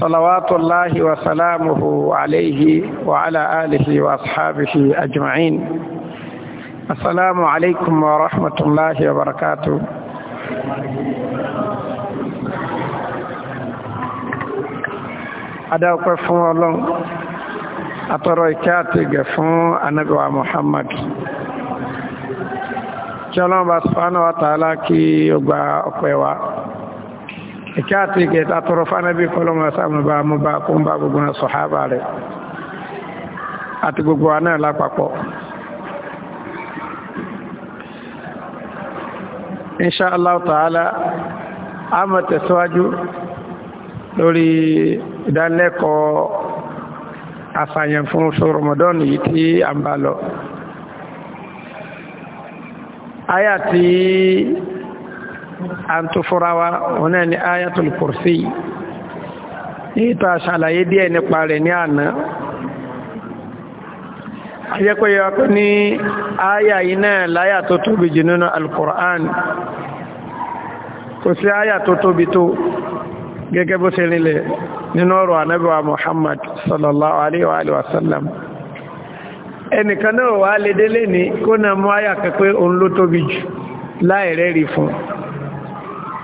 صلوات الله وسلامه عليه وعلى آله وأصحابه أجمعين السلام عليكم ورحمة الله وبركاته adáwọ̀pẹ́ fún ọlọ́run atọ́rọ ìkẹ́ àtẹ̀gẹ̀ fún anábíwá Muhammad kí ọlọ́run bá subhanahu wa ta'ala kí ó gba ọpẹ́ wa. ìkẹ́ àtìkẹ́ ìtàtọ̀rọ̀ fánàbí kọlọ́mọ sàmùbà mọba kó ń bá gbogbo náà sọ̀hábà rẹ̀ àti gbogbo wa náà lápapọ̀. insha Allah ta'ala a mọ̀ tẹ̀síwájú lórí ìdánilẹ́kọ̀ọ́ àṣàyàn fún oṣù Ramadan yìí tí a ń bá lọ. Aya tí à ń tó fúnra wa òun náà ni ayatul kursi ní ìta ṣàlàyé díẹ̀ nípa rẹ̀ ní àná ajẹ́kọ̀ọ́ yọ ní aya yìí náà láyà tó tóbi jù nínú alukur'an kò sí aya tó tóbi tó gẹ́gẹ́ bó ṣe nílẹ̀ nínú ọ̀rọ̀ anábíwa muhammad sallallahu alaihi wasallam sallam ẹnìkan náà wà lè délé ní kó na mú aya kẹ́kẹ́ òun ló tóbi jù láìrẹ́rì fún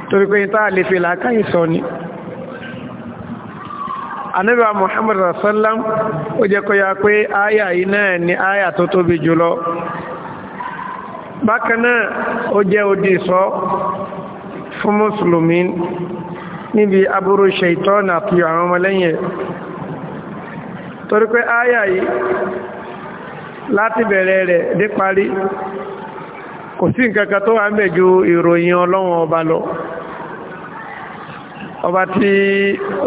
torí pé ìta lè fi làákàyè sọ ni anábíwá muhammad rasallam ó jẹ́ kó ya pé áyà yìí náà ni áyà tó tóbi jùlọ bákan náà ó jẹ́ odi sọ fún mùsùlùmí níbi aburú na àti àwọn ọmọlẹ́yìn torí pé áyà yìí láti bẹ̀rẹ̀ rẹ̀ dé parí kò sí nǹkan kan tó wà ń bẹ̀ ju ìròyìn ọba lọ ọba tí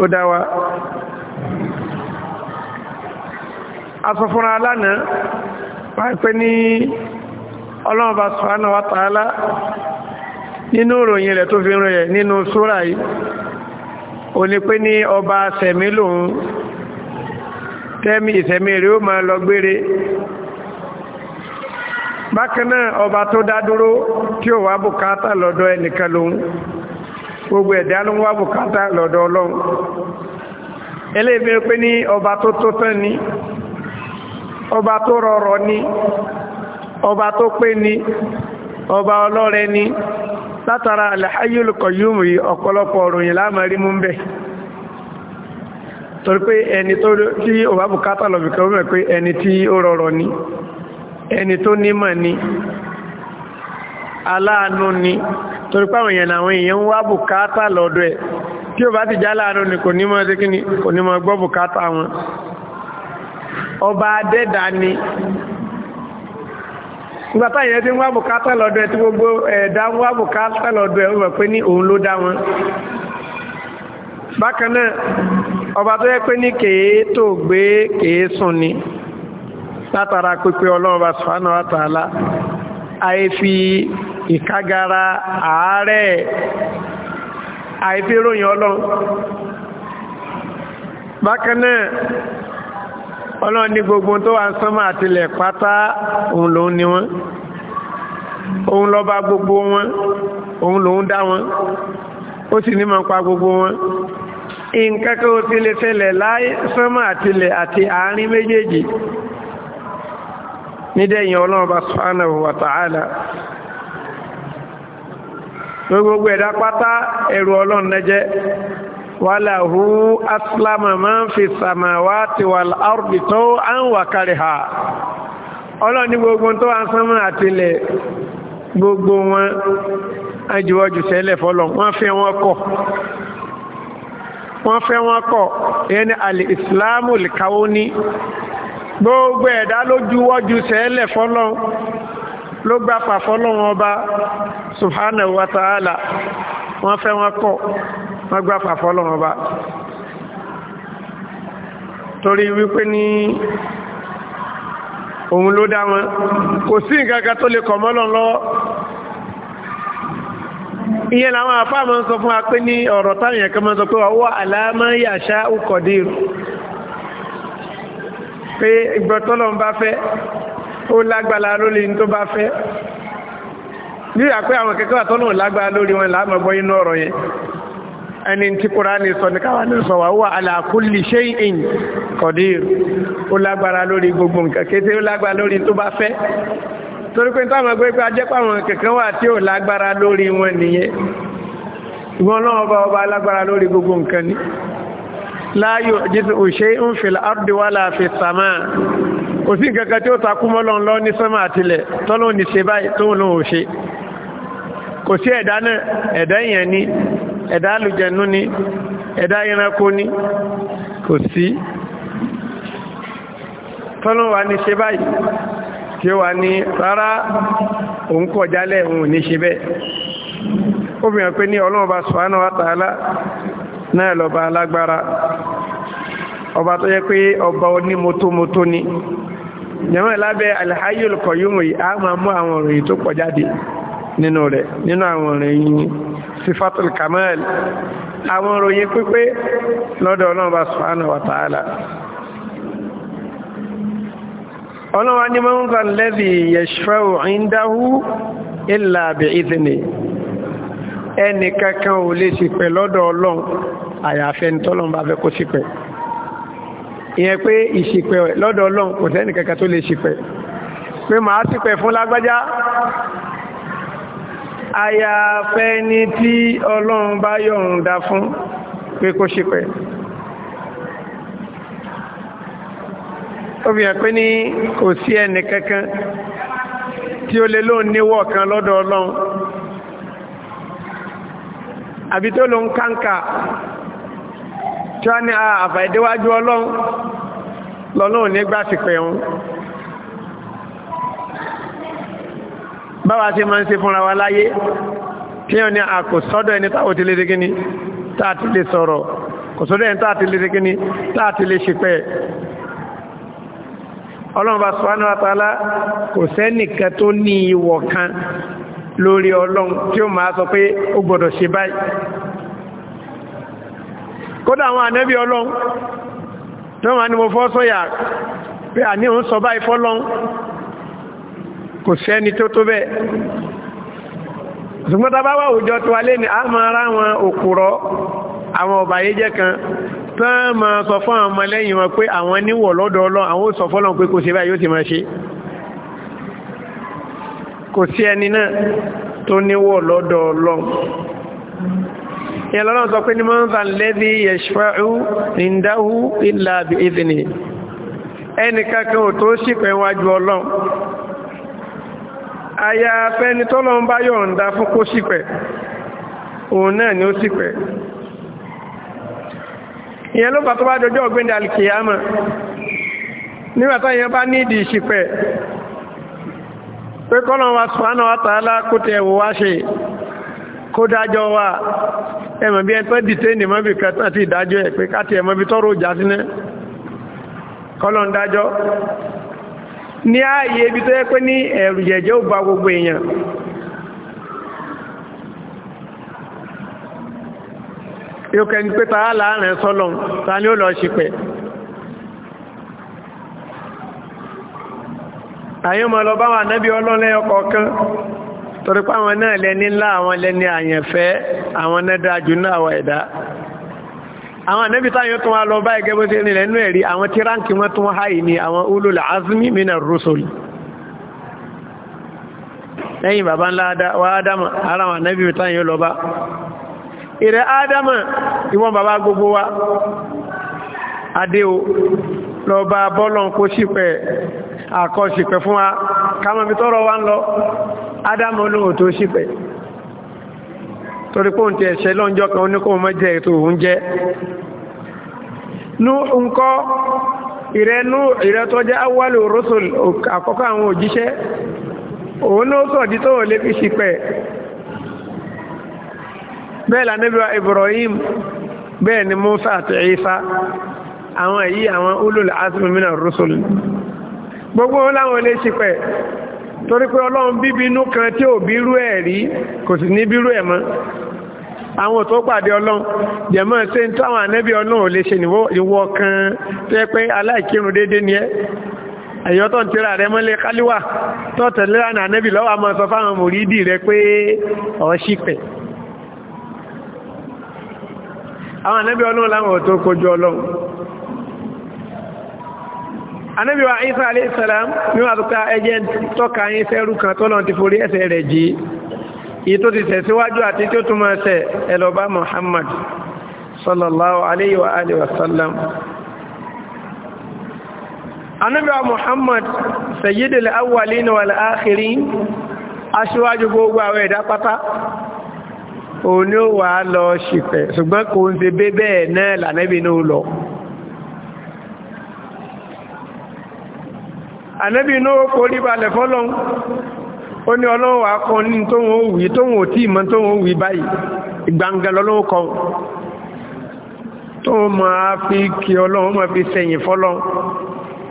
ó dá wa aṣọ fúnra alánàá pàápẹ́ ní ọlọ́run bá subhanahu wa nínú ìròyìn rẹ̀ tó fi rẹ̀ nínú súrà yìí o ní pé ní ọba sẹ̀mí lòun tẹ́mi ìsẹ̀mí rẹ̀ ó máa lọ gbére bákan ọba tó dá dúró tí ó wá bùkátà lọ́dọ̀ ẹnìkan lòun gbogbo ẹ̀dá ló ń wá bùkátà lọ́dọ̀ ọlọ́run eléyìí pé ní ọba tó tó tán ọba tó rọrọ ni ọba tó pé ní ọba ọlọ́rẹ ní látara al-hayyul qayyum ọ̀pọ̀lọpọ̀ mú bẹ̀ torí pé ẹni lọ ni torí pé àwọn èèyàn làwọn èèyàn wá bùkátà lọ́dọ̀ ẹ̀ tí ó bá ti já láàánú ni kò ní mọ́ sí kíni kò ní mọ́ gbọ́ bùkátà wọn ọba adẹ́dà ni nígbà táyẹ̀ tí wá bùkátà lọ́dọ̀ ẹ̀ tí gbogbo ẹ̀dá wá bùkátà lọ́dọ̀ ẹ̀ ó mọ̀ ní òun ló wọn ọba tó yẹ pé ní kèé tó gbé kèé sùn ni látara pípé ọlọ́run bá sùn àìfi ìkágara àárẹ̀ àìfi ròyìn ọlọ́run bákan náà ọlọ́run ní gbogbo tó wà ń sánmà àtilẹ̀ pátá òun lòun ni wọ́n òun lọ́ba gbogbo wọn òun lòun dá wọn ó sì ní máa pa gbogbo wọn nǹkan kan ó ti lè ṣẹlẹ̀ láì sánmà àtilẹ̀ àti àárín méjèèjì nídẹ̀yìn ọlọ́run bá subhanahu wa gbogbo ẹ̀dá pátá ẹ̀rù ọlọ́run nẹ́jẹ́ wàláhù aslama máa ń fi samawati wal ardi taw'an wa kariha ọlọ́run ní gbogbo tó wà ń gbogbo wọn ajuwọ́jú sẹ́lẹ̀ fọlọ́ wọ́n fẹ́ wọn kọ̀ wọ́n fẹ́ wọn kọ̀ yẹn ni gbogbo ẹ̀dá ló juwọ́jú sẹ́ẹ̀lẹ̀ fọ́lọ́ ló gbà pa fọ́lọ́ wọn ọba subhanahu wa ta'ala wọ́n fẹ́ wọn kọ̀ wọ́n gbà pa fọ́lọ́ wọn ọba torí wípé ní òun ló dá wọn kò sí nǹkan kan tó lè kọ̀ mọ́lọ́ lọ́wọ́ ìyẹn làwọn afáàmọ́ sọ fún wa pé ní ọ̀rọ̀ táyẹ̀kẹ́ mọ́ sọ pé wà wà aláàmọ́ yàṣá ukọ̀dé pé ìgbọ́tọ́lọ́n bá fẹ́ ó lágbàlá lórí ní tó bá fẹ́ bí àpé àwọn kẹ́kẹ́ àtọ́nà lágbàlá lórí wọn láàmọ̀ bọ́ inú ọ̀rọ̀ yẹn ẹni tí Kùránì sọ ní káwà ní sọ wà wà ala kulli shay'in qadir ó lágbára lórí gbogbo nǹkan kété ó lágbára lórí tó bá fẹ́ láàyò jíṣẹ́ òṣè ń fi àrùdí wà láàfin sàmà kò sí nǹkan kan tí ó takú mọ́lọ́n lọ ní sánmà àtìlẹ̀ tọ́lọ́ ní ṣe báyìí tó ń lọ òṣè kò sí ẹ̀dá náà ẹ̀dá èèyàn ni ẹ̀dá àlùjẹ̀nú ó wà ní rárá òun kọ̀ jálẹ̀ òun ní ṣe bẹ́ẹ̀ ó fi hàn pé ní ọlọ́run bá subhanahu wa ta'ala náà lọ́ba alágbára ọba tó yẹ pé ọba oní motomoto ni jẹ́mọ́ lábẹ́ alhayul kọ̀yúmù yìí a máa mú àwọn ìròyìn tó pọ̀ jáde nínú rẹ̀ nínú àwọn ìròyìn sifatul kamal àwọn ìròyìn pípé lọ́dọ̀ ọlọ́ọ̀bá subhanahu wa ta'ala ọlọ́wà ní mọ́nkà lẹ́bí yashfa'u indahu illa bi'izni ẹnì kankan ò lè ṣìpẹ̀ lọ́dọ̀ ọlọ́run ìyẹn pé ìṣìpẹ̀ lọ́dọ̀ ọlọ́run kò sẹ́ni kankan tó lè ṣìpẹ̀ pé màá ṣìpẹ̀ fún lágbájá àyàfẹ́ ni tí ọlọ́run bá yọ̀ǹda fún pé kó ṣìpẹ̀ obìnrin pé ní kò sí ẹnì kankan tí ó lè lóun níwọ̀ kan lọ́dọ̀ ọlọ́run àbí tó lóun káńkà tí wọ́n ní àfàìdéwájú ọlọ́run lọ́lọ́run nígbà ti pẹ̀ wọn báwa ti máa ń ṣe fúnra wa láyé kí wọ́n ní àkò sọ́dọ̀ ẹni táwọn ti lè rí gíní táà ti lè sọ̀rọ̀ kò sọ́dọ̀ ẹni táà ti gíní táà ti lè ṣìpẹ̀ ọlọ́run bá sọ kódà àwọn ànẹ́bí ọlọ́run tó wà ní mo fọ́ sọ́yà pé àní òun sọ báyìí fọ́lọ́run kò sẹ́ni tó tó bẹ́ẹ̀ ṣùgbọ́n tá bá wà òjò tó wà lẹ́ni a máa rá àwọn òkúrọ́ àwọn ọ̀bàyéjẹ́ kan tó máa sọ fún àwọn ọmọlẹ́yìn wọn pé àwọn níwọ̀ lọ́dọ̀ ìyàlọ́nà sọ pé ní mọ́ ń fa lẹ́bí yẹ̀ṣfáù ìndáhù ìlà àbí ìdìní ẹnìkankan ò tó ṣìpẹ̀ wájú ọlọ́run aya fẹ́ni tọ́lọ́run bá yọ̀ǹda fún kó ṣìpẹ̀ òun náà ni ó ṣìpẹ̀ ìyẹn ló bá tó bá dọjọ́ ọ̀gbẹ́ndà alìkìyàmọ̀ nígbàtá ìyẹn bá ní ìdí ìṣìpẹ̀ pé kọ́lọ̀ wa sùn kó dájọ́ wa ẹmọ̀ bí ẹ̀tọ́ dìtẹ́nì mọ́bí kẹta ti ìdájọ́ ẹ̀ pé káti ẹmọ́ bí tọ́rọ òjá sínú kọ́lọ̀ ń dájọ́ ní ààyè ibi tó yẹ pé ní ẹ̀rù ò bá gbogbo èèyàn yóò kẹ́ni pé ta láàrin sọ́lọ̀ ta ni ó lọ lọ torí pé àwọn náà lẹni ńlá àwọn lẹni àyànfẹ́ àwọn nẹ́dájú náà wà ẹ̀dá àwọn ànábì táyọ̀ tún wá lọ bá ẹgẹ́ bó ṣe nílẹ̀ ẹ̀rí àwọn tí ráǹkì wọn tún háì ní àwọn ulul azmi minar rusul lẹ́yìn bàbá ńlá wa ádámà ara àwọn ànábì táyọ̀ lọ bá ìrẹ̀ ádámà ìwọ̀n bàbá gbogbo wa adéo lọ bá bọ́lọ̀ kó sípẹ̀ àkọsípẹ̀ fún Adam olóhùn tó ṣìpẹ̀ torí pé òun ti ẹ̀ṣẹ̀ lọ́njọ́ kan ní kó mọ́ jẹ́ ètò òun jẹ́ nú ńkọ́ ìrẹ́nú ìrẹ́tọ́jẹ́ awálò rọ́sọ̀l àkọ́kọ́ àwọn òjíṣẹ́ òun ló sọ̀dí tó lè fi ṣìpẹ̀ bẹ́ẹ̀ lànàbíwá Ibrahim bẹ́ẹ̀ ni Musa àti Isa àwọn èyí àwọn ulul azmi mina rọ́sọ̀l gbogbo wọn láwọn lè ṣìpẹ̀ torí pé ọlọ́run bíbínú kan tí ò bírú ẹ̀ rí kò sì ní bírú ẹ̀ mọ́ àwọn tó pàdé ọlọ́run jẹ̀mọ́ ṣe ń táwọn ànẹ́bí ọlọ́run ò lè ṣe ìwọ kan tó yẹ pé aláìkírun déédéé ni ẹ́ ẹ̀yọ́ tó ń tẹ́ra rẹ mọ́lẹ̀ káliwà tó tẹ̀lé ànà ànẹ́bí lọ́wọ́ àmọ́ sọ fáwọn mòrídì rẹ pé ọ̀ṣìpẹ̀ àwọn ànẹ́bí ọlọ́run láwọn ò tó kojú ọlọ́run anábì wa isa aleyhisselam ní wà tó ta ẹjẹ́ tọ́ka yín sẹ́rù kan tọ́lọ̀ ti forí ẹ̀ṣẹ̀ rẹ̀ jí èyí tó ti tẹ̀síwájú àti tó túnmọ̀ ẹsẹ̀ ẹlọ́ba muhammad sallallahu alayhi wa alihi wa sallam anábì wa muhammad sayyidul awwalin wal akhirin aṣíwájú gbogbo àwọn ẹ̀dá pátá ó wà lọ ṣìfẹ̀ ṣùgbọ́n kò ń ṣe bẹ́ẹ̀ náà lànàbì lọ ànábì inú ó forí balẹ̀ fọ́lọ́n ó ní ọlọ́run wà kan ní tóun ó wí tóun ò tí ìmọ̀ tóun ó báyìí gbangba lọ́lọ́run kan tóun máa fi kí ọlọ́run máa fi sẹ̀yìn fọ́lọ́n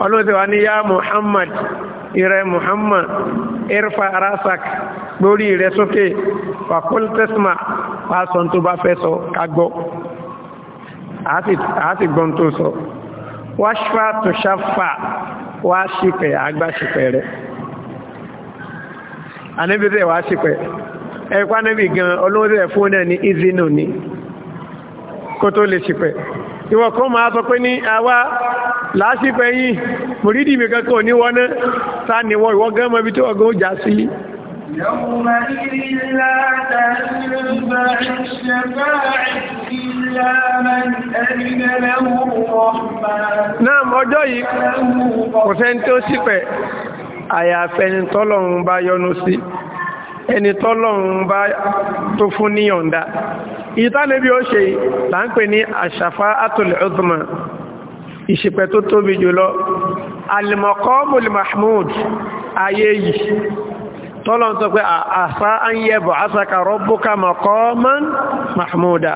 ọlọ́run ti wá ní yá Muhammad ìrẹ muhammad irfa arasak lórí rẹ sókè fàkúl tẹsímà pàṣọn tó bá fẹ́ sọ kagbọ́ àti gbọ́n tó sọ wáṣfà tó ṣàfà wá ṣìpẹ̀ agbáṣìpẹ̀ rẹ̀ anábì tẹ̀ wá ṣìpẹ̀ ẹ̀kọ́ anábì gan olówó tẹ̀ fún náà ní ìzínú ni kó tó lè ṣìpẹ̀ ìwọ̀ kan máa sọ pé ní àwa láṣìpẹ̀ yìí mùrídìí mi kankan ní wọ́n náà sá ni wọ́n ìwọ́ gan mọ́bi tó ọgọ́ jà sí yìí يومئذ لا تنفع الشفاعة إلا náà ọjọ́ yìí kò sẹ́ni tó ṣìpẹ̀ àyàfẹ́ni tọ́lọ́run bá yọ́nú sí ẹni tọ́lọ́run bá tó fún níyọ̀ǹda ìtànẹ́bí ó ṣe là ń pè ní àṣàfá àtòlẹ̀ ọdúnmà ìṣìpẹ̀ tó tóbi jùlọ alimọ̀kọ́mùl mahmud ayé yìí tọ́lọ́run sọ pé àṣà ń yẹ bọ̀ àṣàkà rọ́bùkà mahmuda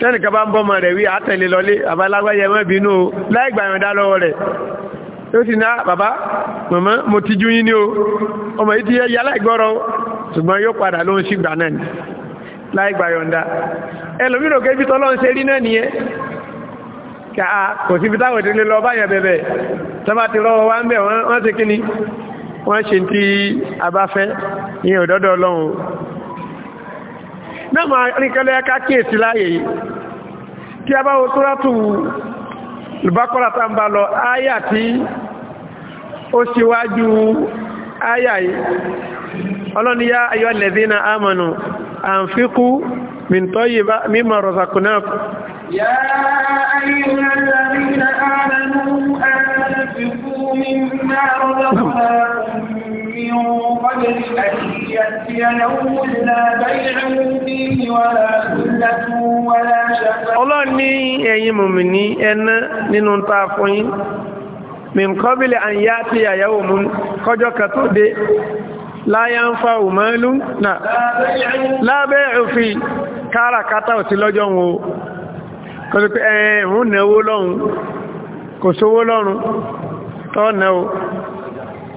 tẹ́nìkan bá ń bọ́mọ rẹ̀ wí àtẹ̀lé lọlé àbálágbáyẹ mọ́ bínú o láì gbàyàn lọ́wọ́ rẹ̀ ó sì ná bàbá màmá mo ti jú yín ní o ọmọ yìí ti yẹ yálà ìgbọ́rọ̀ ṣùgbọ́n yóò padà ló ń sí gbà náà láì gbàyàn dá ẹlòmíràn tọ́lọ́ ń ṣe rí náà nìyẹn kà á kò síbi táwọn náà ma ríkẹ́lẹ́ ká kíyèsí láyé yìí tí a bá wo Sūratu Al-Baqara tá ń bá lọ áyà tí ó ṣíwájú áyà yìí ọlọ́ni yá ayyuhal ladhina amanu anfiqu min tayyiba mimma razaqnakum يا من قبل أن يأتي يوم لا بيع فيه ولا ذلة ولا شفاعة Ọlọ́run ní ẹ̀yin mùmìnì ẹ̀nà nínú ta fún tó dé la yanfa'u malun náà la bay'u fi káràkátà ò sí lọ́jọ́ wọn o kọ́sí pé lọ́run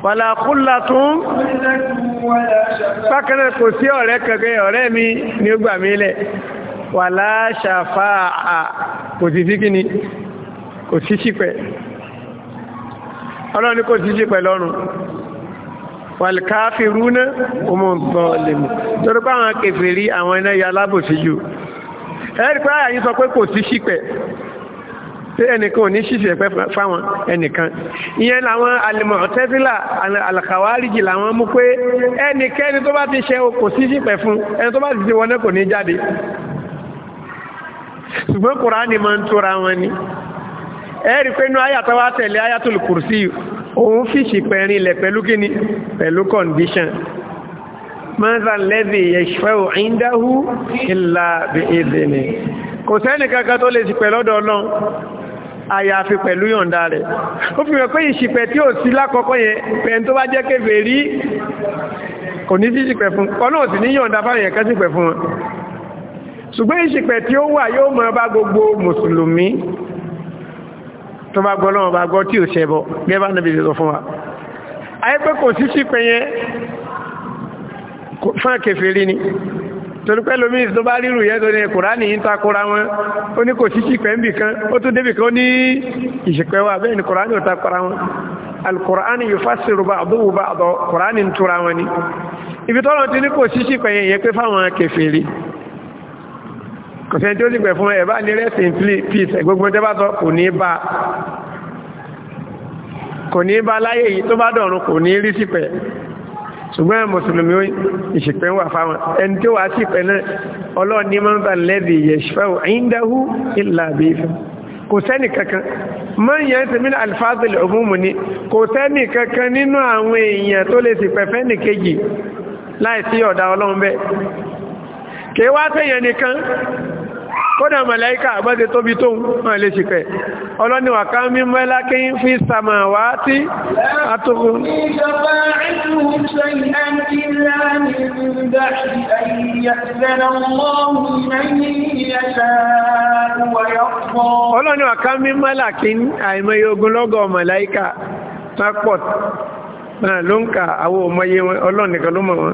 wàlá kúlà tún bákanáà kò sí ọ̀rẹ́ kẹ̀kẹ́ ọ̀rẹ́ mi ni ó gbà mí lẹ̀ wàlá ṣàfà à kò sí sí kíni kò sí sípẹ̀ ọlọ́ni kò sí sípẹ̀ lọ́rùn wàlìkáfìrúnà ọmọọ̀lẹ̀mù torí pé àwọn kèfèrí àwọn iná ya alábòsí jù ẹ̀rí pé pé ẹnìkan ò ní ṣíṣe pẹ́ fáwọn ẹnìkan ìyẹn làwọn alimọ̀tẹ́sílà alàkàwárìjì làwọn mú pé ẹnìkẹ́ni tó bá ti ṣe kò ṣíṣe pẹ́ fún ẹni tó bá ti ṣe wọlé kò ní jáde ṣùgbọ́n kùránì máa ń tóra wọn ni ẹ̀rí pé inú ayàtọ̀ wá tẹ̀lé ayatul kùrùsí òun fìṣì pẹ̀rin ilẹ̀ pẹ̀lú kíni pẹ̀lú kọ̀ǹdíṣàn mọ́nsán lẹ́bí yashfa'u indahu illa bi'idhnihi kò sẹ́nì kankan tó lè sì pẹ̀lọ́dọ̀ ọlọ́run àyàfi pẹ̀lú yọ̀ǹda rẹ̀ ó fi hàn pé ìṣìpẹ̀ tí ò sí lákọ̀ọ́kọ́ yẹn pẹ̀ tó bá jẹ́ kéfèé rí kò ní sí ìṣìpẹ̀ fún ọ̀nà ò sì ní yọ̀ǹda fáyẹ̀ kẹ́sìpẹ̀ fún wọn ṣùgbọ́n ìṣìpẹ̀ tí ó wà yóò máa bá gbogbo mùsùlùmí tó bá gbọ́ lọ́wọ́ bá gbọ́ tí ò ṣẹbọ gẹ́bà ni torí pé lómi tó bá rírù yẹ́ tó ní kùránì yí ń takora wọn ó ní kò síkí pẹ́ ń bì kan ó tún débì kan ní ìṣẹ̀pẹ́ wa bẹ́ẹ̀ ni kùránì ò takora wọn alkùránì yóò fásirù bá àdúgbò bá àdọ kùránì ń tura wọn ni ibi tọ́lọ́ ti ní kò síkí pẹ́ yẹn pé fáwọn kẹfẹ́rí kò sẹ́ni tó dìgbẹ̀ fún ẹ̀ bá ní rẹ́sìn peace gbogbo tẹ́ bá sọ kò ní bá kò ní ṣùgbọ́n mùsùlùmí ìṣìpẹ̀ wà fáwọn ẹni tí ó wà sí pẹ̀lú ọlọ́run ní máa ń bá lẹ́bí yẹ̀ṣfẹ́wò ẹ̀yìndáhù ìlà àbífẹ́ kò sẹ́nì kankan mọ́ ìyẹn ti mìíràn alifásílì ni kò sẹ́nì kankan nínú àwọn èèyàn tó kódà màláíkà àgbáde tóbi tó wọ́n lè ṣìkẹ́ ọlọ́niwà ká mímọ́ ń fi sàmà wá tí a tó kú ọlọ́niwà ká mímọ́ lákí àìmọye ogunlọ́gọ̀ màláíkà tápọ̀ náà ló ń ka àwọn ọmọye ọlọ́nìkan ló mọ̀ wọn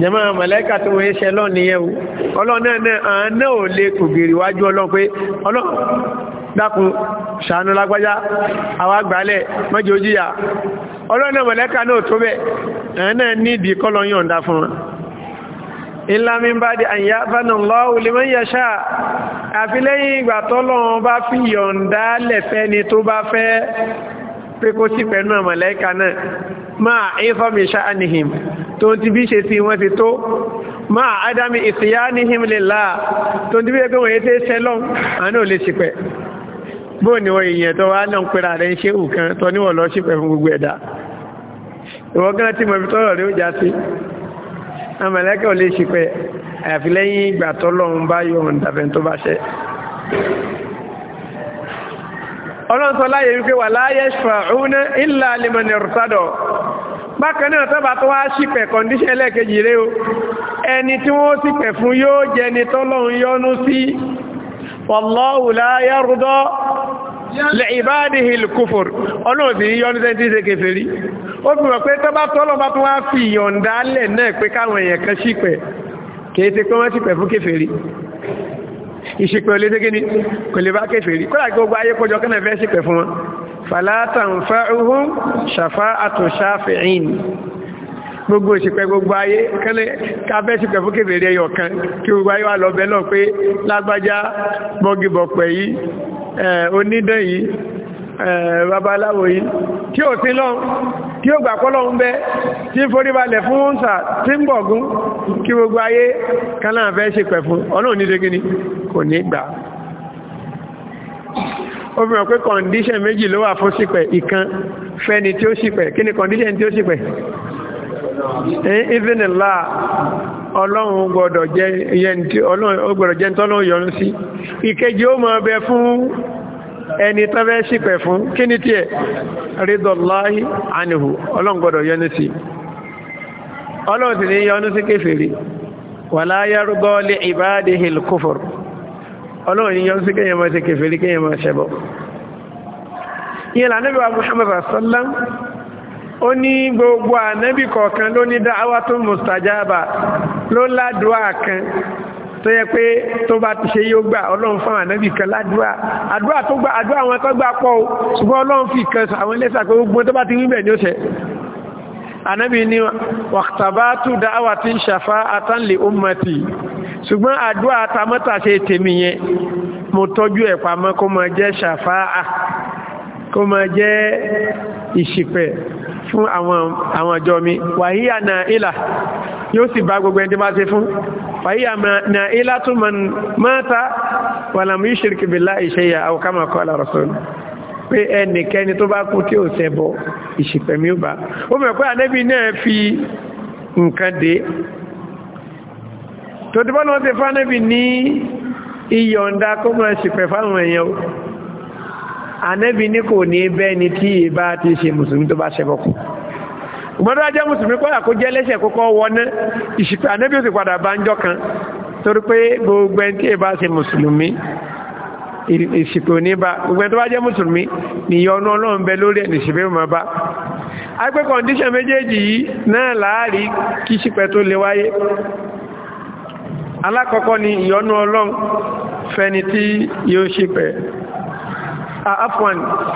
jẹ́mọ́ mọ̀lẹ́kà tó wọ́n ṣe lọ́n nìyẹn o ọlọ́run náà náà àwọn náà ò lè kògèrè wájú ọlọ́run pé ọlọ́run dákun ṣàánú lágbájá àwọn àgbàlẹ̀ mọ́jọ ojúyà ọlọ́run náà mọ̀lẹ́kà náà tó bẹ̀ àwọn náà nídìí kọ́lọ́ yọ̀ǹda fún wọn illa min ba'di an pé kó sí pẹ̀lú àwọn màláíkà náà máa ìfọ́mì ṣáàníhìm tó ti bí ṣe sí wọ́n ti tó máa ádámi ìsìyánihìm lillah tó ti bí ẹgbẹ́ wọ́n yé tẹ́ sẹ́lọ́n àánú lè ṣìpẹ̀ bó ni wọ́n èèyàn tó wá náà pẹ́ra rẹ̀ ń ṣe ǹkan ọlọ́run sọ láyé wípé wà láyé ṣàrúnà ìlà alìmọ̀nì ọ̀rùsádọ̀ bákan náà tọ́bà tó wá sípẹ̀ kọ̀ndíṣẹ́ ẹlẹ́kejì rẹ̀ o ẹni tí wọ́n sípẹ̀ fún yóò jẹ ni tọ́lọ́run yọ́nú sí wallahu la yarda ìṣepẹ̀ olè dégé ni kò lè bá kèfèrí kọ́lá gbogbo ayé kọjọ kẹ́nà fẹ́ ṣepẹ̀ fún wọn fàlátàǹfàáhùn ṣàfáàtùn ṣáfẹ̀ẹ́yìn gbogbo ìṣepẹ̀ gbogbo ayé kábẹ́ ṣepẹ̀ fún kèfèrí ẹyọ kan kí gbogbo ayé wà lọ babaláwo yìí tí ò sí lọ́n tí ó gbà kọ́lọ̀ ń bẹ tí ń forí balẹ̀ fún oúnsà tí ń bọ̀gún kí gbogbo ayé kanáà fẹ́ ṣe pẹ̀ fún ọlọ́run ní ṣegíní kò ní gbà ó fi hàn pé kọ̀ǹdíṣẹ̀ méjì ló wà fún sípẹ̀ ìkan fẹ́ni tí ó sípẹ̀ kí ni kọ̀ǹdíṣẹ̀ tí ó sípẹ̀ ìfìnìlá ọlọ́run gbọ́dọ̀ jẹ́ ìyẹn tí ọlọ́run gbọ́dọ̀ jẹ́ ìtọ́lọ́run yọ́nú sí ìkejì ó mọ̀ ọbẹ̀ fún ẹni tó fẹ́ ṣìpẹ̀ fún kí ni tiẹ̀ rídọ̀láhì ànihù ọlọ́run gbọ́dọ̀ yọ́nú sí ọlọ́run sì ní yọ́nú sí kéfèrè wàlá yárúgọ́ lé ìbáàdì hìl kúfọ̀rù ọlọ́run ní yọ́nú sí kéyàn máa ṣe kéfèrè kéyàn máa tó yẹ pé tó bá ti ṣe yóò gbà ọlọ́run fún ànábì kan ládùúà àdúrà tó gbà àdúrà àwọn tó gbà pọ̀ o ṣùgbọ́n ọlọ́run fi kan àwọn ẹlẹ́sà pé gbogbo tó bá ti wíbẹ̀ ní ọ̀sẹ̀ ànábì ni wàtàbátù dáwà tí ń ṣàfá àtànlè ummati ṣùgbọ́n àdúrà tamọ́ta ṣe tèmi yẹn mo tọ́jú ẹ̀ pamọ́ kó máa jẹ́ ṣàfá fún àwọn àwọn àjọ mi wàhíyà na ilà yóò sì bá gbogbo ẹni tí bá ti fún wàhíyà na ilà tó mọ́ta wàlàmù ìṣirkì billahi ìṣẹ́yà àwòkámà qala rasul pé ẹnìkẹ́ni tó bá kú tí ò ṣẹbọ ìṣìpẹ̀mí ó bá ó mọ̀ pé ànábì náà fi nǹkan dé tó ti bọ́lá wọn ti fún ànábì ní ìyọ̀ǹda kó mọ̀ ṣìpẹ̀ fáwọn èèyàn ànábì ní kò ní bẹ́ẹ̀ ni tí ìbá ti ṣe mùsùlùmí tó bá ṣẹbọ̀kù ìmọ̀dọ́ ajẹ́ mùsùlùmí kọ́lá kó jẹ́ lẹ́sẹ̀ kókó wọná ìṣìpẹ̀ ànábì ó sì padà bá ń jọ kan torí pé gbogbo ẹni tí ìbá ṣe mùsùlùmí ìṣìpẹ̀ òní bá gbogbo ẹni ni ìyọ́nú ọlọ́run fẹ́ni tí yóò ṣìpẹ̀ afwan ah,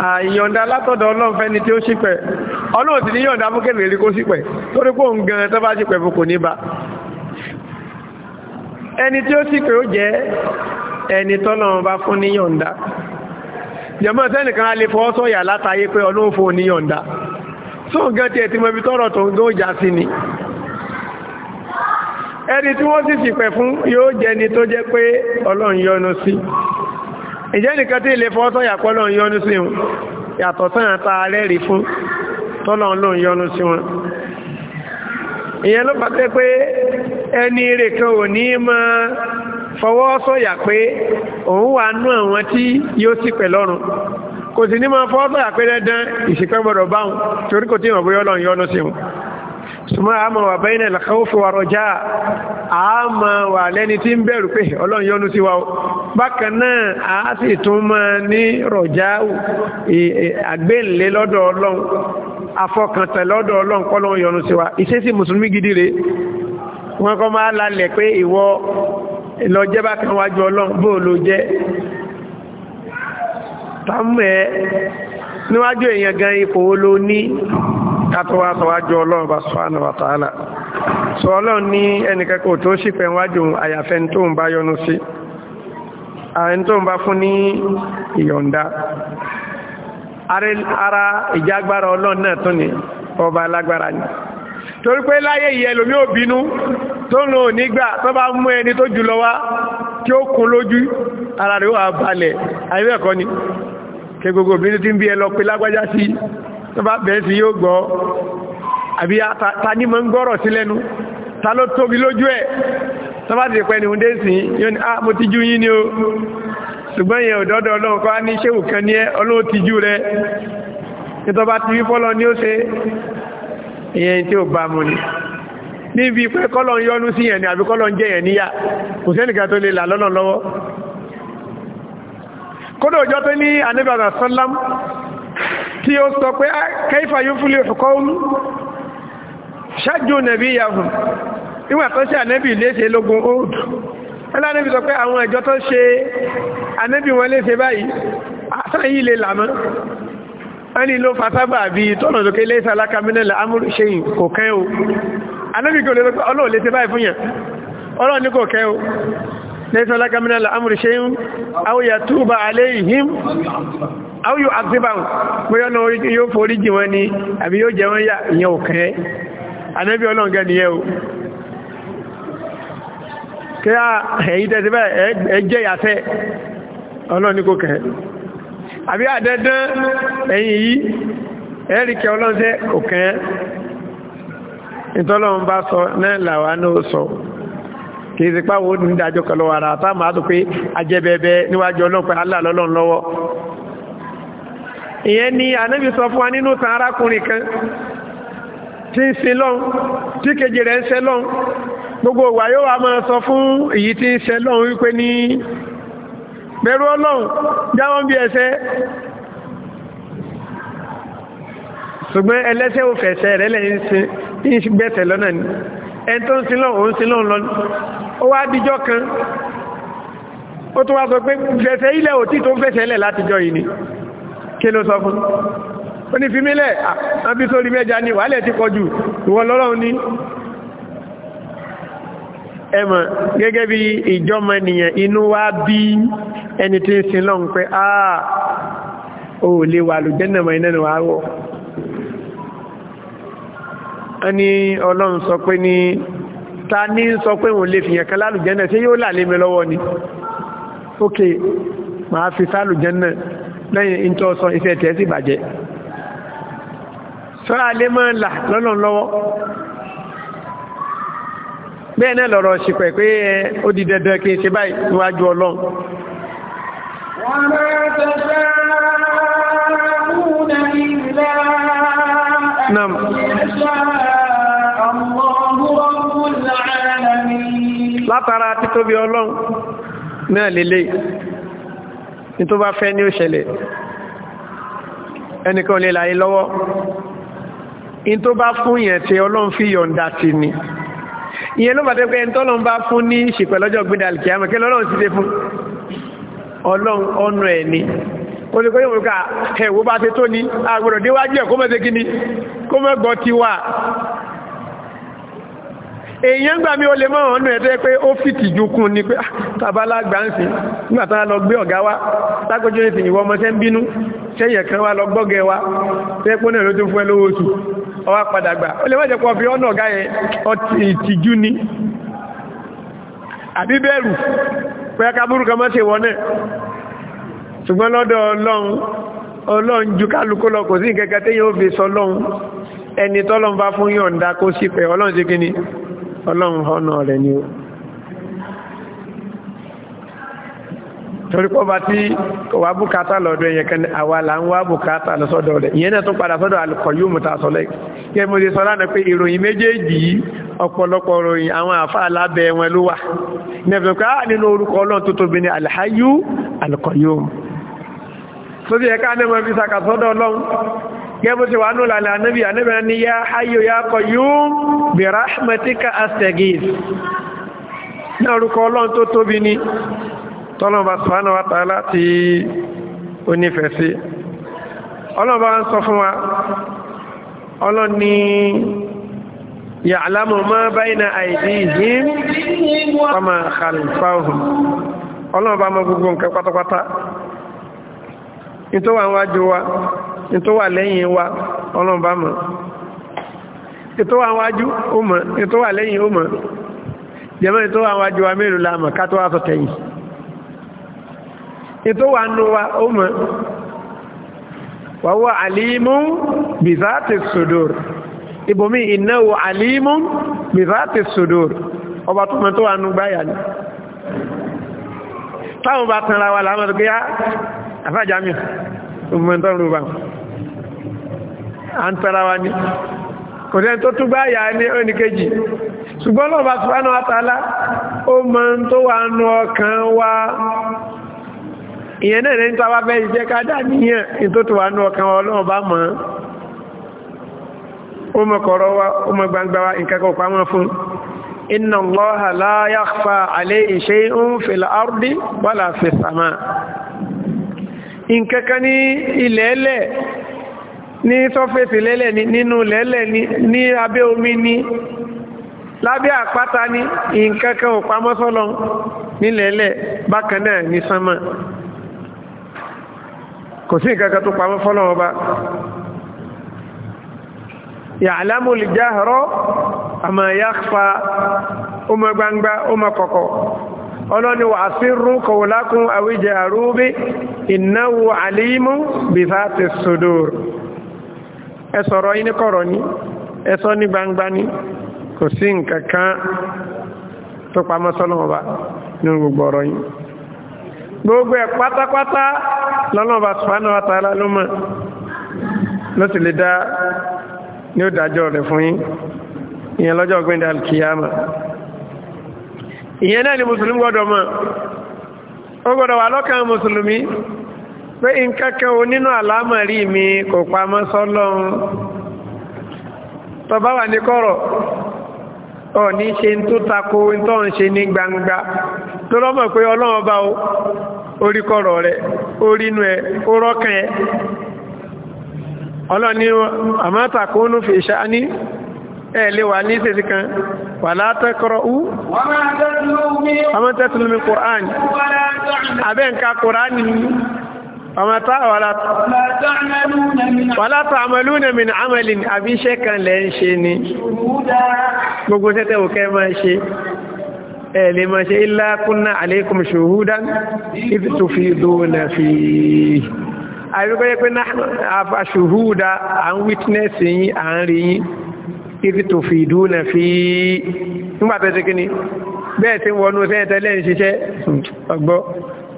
ah, àyọ̀ǹda látọ̀dọ̀ ọlọ́run fẹ́ni tí ó ọlọ́run ti ní yọ̀ǹda fún kèfèrí kó ṣìpẹ̀ torí pé òun gan tó bá ṣìpẹ̀ fún kò ní bá ẹni tí ó ṣìpẹ̀ ó jẹ́ ẹni tọ́lọ́run bá fún ní yọ̀ǹda jẹ̀mọ́ sẹ́nìkan á lè fọwọ́ sọ̀yà látàyé pé ọlọ́run fún ní yọ̀ǹda tó gan tiẹ̀ ti tó ń ni ẹni tí wọ́n sì ṣìpẹ̀ fún yóò jẹ́ ẹni tó jẹ́ pé ìjẹ́ nìkan tí ilé fọ́ sọ́yà pọ́lọ̀ ń yọnu sí wọn yàtọ̀ sáà ta rẹ́rìí fún tọ́lọ̀ ló ń yọnu sí wọn ìyẹn ló pàtẹ́ pé ẹni rẹ̀ kan ò ní máa fọwọ́ sọ̀yà pé òun wà nú àwọn tí yóò sì pẹ̀ lọ́rùn kò sì ní máa fọwọ́ sọ̀yà pé dandan ìsìnkú gbọ́dọ̀ báwọn torí kò tí ìwọ̀n bóyá ọlọ́run yọnu sí wọn súnmọ́ a máa wà bẹ́yìn al-khawf wa raja' a máa wà lẹ́ni tí ń bẹ̀rù pé ọlọ́run yọ́nú sí wa o bákan náà a sì tún máa ní rọ̀já àgbéǹlé lọ́dọ̀ ọlọ́run afọkàntẹ̀ lọ́dọ̀ ọlọ́run kọ́lọ́run yọ́nú sí wa ìṣesí mùsùlùmí gidi rèé wọn kọ́ máa lálẹ̀ pé ìwọ lọ́jẹ́ bá kan wájú ọlọ́run bó ló jẹ́ tàmù ẹ níwájú kátó wá sọ wájú ọlọ́run bá subhanahu wa ta'ala sọ ọlọ́run ní ẹnìkan tó ṣìpẹ̀ wájú àyàfẹ́ tó ń bá yọ́nú sí àwọn tó ń bá fún ní ìyọ̀ǹda ara ìjágbára ọlọ́run náà tó ní ọba alágbára ni torí pé láyé yìí ẹlòmí ò bínú tó ń lò nígbà tó bá mú ẹni tó jùlọ wá tí ó kún lójú ara rẹ̀ ó wà balẹ̀ àìbẹ̀kọ́ ni kí gbogbo obìnrin ti ń bí ẹ lọ pé lágbájá sí tó bá bẹ̀ẹ́ sí yóò gbọ́ àbí ta ní mọ́ ń gbọ́rọ̀ sí lẹ́nu ta ló tóbi lójú ẹ̀ tó bá ti pẹ́ ní oúnjẹ sí yóò ní ah mo ti jú yín ni o ṣùgbọ́n yẹn òdọ́dọ̀ ọlọ́run kọ́ ní ṣéwù kan ní ẹ́ ọlọ́run ti jú rẹ nítọ́ bá ti rí fọ́lọ ní ó ṣe ìyẹn tí ó bá mu ni níbi pé kọ́lọ̀ ń yọnu sí yẹn ni àbí kọ́lọ̀ ń jẹ yẹn níyà kò sẹ́nìkan tó lè là lọ́nà lọ́wọ́ kódà òjò tó ní anábìàdà sọ́lám tí ó sọ pé ah, kaifa yuflihu qawm shajju nabiyahum nígbà tó ṣe ànẹ́bì léṣe lógun old ẹlànẹ́bì sọ pé àwọn ìjọ tó ṣe ànẹ́bì wọn léṣe báyìí àṣà yìí lè làmọ́ ẹni ló fatábà bí tọ́nà tókè léṣe alákàmínẹ́lẹ̀ amúrúṣẹ́yìn kò kẹ́ o ànẹ́bì kò léṣe báyìí fún yàn ọlọ́run ní kò kẹ́ o léṣe alákàmínẹ́lẹ̀ amúrúṣẹ́yìn aw yatuba alayhim àwọn yóò àgbébàwò bóyá náà yóò forí jì n'i àbí yóò jẹ wọ́n yà ìyẹn òkẹ́ anẹ́bí ọlọ́ǹgẹ́ nìyẹn o kí á ẹ̀yìn tẹ́sí bẹ́ẹ̀ ẹjẹ́ yàtẹ́ ọlọ́ni bá sọ náà náà sọ kìí sí ìdájọ́ pé ajẹ́bẹ̀ẹ́bẹ́ níwájú ọlọ́pẹ́ lọ́wọ́ ìyẹn ni ànábì sọ fún wa nínú tan arákùnrin kan tí ń sin lọ́n tí kejì rẹ̀ ń ṣe lọ́n gbogbo ìwà yóò wá máa sọ fún èyí tí ń ṣe lọ́n wípé ní bẹ̀rù ọlọ́run jáwọ́n bí ẹsẹ̀ ṣùgbọ́n ẹlẹ́sẹ̀ ò fẹ̀sẹ̀ rẹ̀ lẹ́yìn ń gbẹ̀sẹ̀ lọ́nà ni ẹni tó ń sin lọ́n òun sin lọ́n lọ́n ó wá dijọ́ kan ó tún wá sọ pé fẹ̀sẹ̀ ilẹ̀ òtí fẹ̀sẹ̀ lẹ̀ látijọ́ yìí ni kí ló sọ fún ó ní fi mílẹ̀ àbí sórí mẹ́ja ní wàhálẹ̀ ti kọjú ìwọ lọ́lọ́run ní ẹmọ̀ gẹ́gẹ́ bí ìjọmọ ènìyàn inú wá bí ẹni tí ń sin lọ́n pé àà ò lè wà lù jẹ́nàmọ̀ ìnẹ́nu àárọ̀ ẹni ọlọ́run sọ lẹ́yìn ìntọ́sọ iṣẹ́ tẹ́ sí bàjẹ́ sọ́rọ̀ alẹ́ máa ń là lọ́nà lọ́wọ́ bẹ́ẹ̀ náà lọ́rọ̀ ṣìpẹ̀ pé ó di dandan kí ṣe báyìí níwájú ọlọ́run wọ́n máa tẹ́ṣẹ́ ààrùn ìlà àmọ́ látara títóbi ọlọ́run náà lélẹ́yìí ní tó bá fẹ́ ní ó ṣẹlẹ̀ ẹnìkan lè láyé lọ́wọ́ in tó bá fún yẹn tí ọlọ́run fi yọ̀ǹda ti ni ìyẹn ló bàtẹ́ pé ẹni bá fún ní ìṣìpẹ̀ gbídà kìí àmọ́ kí lọ́lọ́run ti dé fún ọlọ́run ọ̀nà ẹ̀ ni olùkọ́ yóò ká ẹ̀wọ́ bá ṣe tó ní agbọ̀dọ̀ déwájú ẹ̀ kó mọ́ èèyàn gbà mí o lè mọ́ ọ̀nà ẹ̀tẹ́ pé ó fìtì ju kún ní pé ah, tàbálàgbà ń sìn nígbàtà lọ gbé ọ̀gá wa tágbójú ní tìyìnwọ́ ọmọ tẹ́ ń bínú tẹ́yẹ̀ kan wá lọ gbọ́gẹ̀ wa tẹ́pọ́ náà ló tún fún ẹ lówó oṣù ọwá padà gbà ó lè má jẹ́ pọ̀ fi ọ̀nà ọ̀gá yẹn ìtìjú ni àbí bẹ̀rù pé akábúrú kan mọ́ ṣe wọ́n náà ṣùgbọ́n lọ́dọ̀ ọlọ́run ọlọ́run ọ̀nà rẹ̀ ni o torí pọ́ba tí wà bùkátà lọ́dọ̀ ẹ̀yẹ kan àwa là ń wá bùkátà lọ́sọ́dọ̀ rẹ̀ ìyẹn náà tó padà sọ́dọ̀ alùkọ̀yùm tá a sọ lẹ́yìn kí ẹ mo ṣe sọ lánàá pé ìròyìn méjèèjì yìí ọ̀pọ̀lọpọ̀ ròyìn àwọn àfa alábẹ́ wọn ló wà nẹ̀fẹ̀ pé á ah, nínú orúkọ ọlọ́run tó tóbi ní alhayu alùkọ̀yùm sóbi ẹ̀ka ní mo fi sàkàsọ́dọ̀ ọlọ́run gẹ́bù ti wà nùlà ní anábì anábì ní yá hayyu yá qayyum bi rahmatika astaghith náà rúkọ ọlọ́run tó tóbi ní tọ́lọ́mọba subhanahu wa ta'ala ti onífẹ̀ẹ́ sí ọlọ́mọba ń sọ fún wa ọlọ́run ní ya'lamu ma bayna aydihim wa ma khalfahum ọlọ́mọba mọ gbogbo nǹkan pátápátá ètò wà lẹ́yìn wa ọlọ́run bá mọ̀ ètò wà wájú ó mọ̀ ètò wà lẹ́yìn ó mọ̀ jẹ́mọ́ ètò wà wájú wa mélòó la mọ̀ kátó wà sọ tẹ̀yìn ètò wà nù wa ó mọ̀ wàwọ́ àlímú bìzáàtì sùdùr ibòmí ìnáwó àlímú bìzáàtì sùdùr ọba tó mọ̀ tó wà nù gbáyà ni táwọn bá tanra wa làwọn tó gbé àfájàmì ọmọ ìtọ́rùn-ún à ń tọ́ra wa ní kò sẹ́ni tó túgbà yà ní oníkejì ṣùgbọ́n lọ́wọ́ bá subhanahu wa ta'ala ó mọ tó wà nù ọkàn wa ìyẹn náà ní tó wá bẹ́ẹ̀ jẹ́ níyàn ní tó tó wà nù ọkàn wa ọlọ́wọ́ bá mọ̀ wala fis sama nǹkan kan ní ilẹ̀ ní sọ́fẹ́sì lẹ́lẹ̀ ní nínú lẹ́lẹ̀ ní ní abẹ́ omi ní lábẹ́ àpáta ní nǹkankan ò pamọ́ sọ́lọ ní lẹ́lẹ̀ bákan náà ní sánmà kò sí nǹkankan tó pamọ́ fọ́lọ́ ọba ya'lamu al-jahra ama yakhfa ó mọ gbangba ó kọ̀kọ̀ ọlọ́ni wà sírú qawlakum aw ijharu bihi innahu alimun bi dhati sudur ẹsọ̀rọ̀ yìí ní kọ̀rọ̀ ní ẹsọ́ ní gbangba ní kò sí nkankan tó pamọ́ sọ́lọ́mọba ní gbogbo ọ̀rọ̀ yìí gbogbo ẹ̀ pátápátá lọ́lọ́mọba sọ́lọ́mọba lọ́mọ ló sì lè dá ní ó dájọ́ rẹ̀ fún yín ìyẹn lọ́jọ́ ọgbẹ́ni alkiyama ìyẹn náà ni mùsùlùmí gbọ́dọ̀ mọ́ ó gbọ́dọ̀ wà lọ́kàn mùsùlùmí pé nkankan o nínú àlámọ̀rí mi kò pamọ́ sọ́lọ́run tó bá wà ní kọ̀rọ̀ ọ̀ ní ṣe tó tako tó ń ṣe ní gbangba tó lọ́mọ̀ pé ọlọ́run bá o orí kọ̀rọ̀ rẹ̀ orí ẹ̀ ó rọ́kàn ẹ̀ ọlọ́ni àmọ́tàkùnú fi ṣá ní ẹ̀lẹ́ wà ní ìsẹ̀sì kan wà látẹ́kọrọ ú àmọ́tẹ́tùlùmí kòrán abẹ́ nǹkan wàlá tààmàlúnà min amalin àbí iṣẹ́ kan lẹ́ ń ṣe ni gbogbo tẹ́tẹ́ òkẹ́ máa ṣe ẹ̀lẹ́ máa ṣe illa kunna alaykum shuhudan idh tufiduna fi àríkọ́yẹ́ pé náà ṣùhúdá à ń witness yìí à ń rí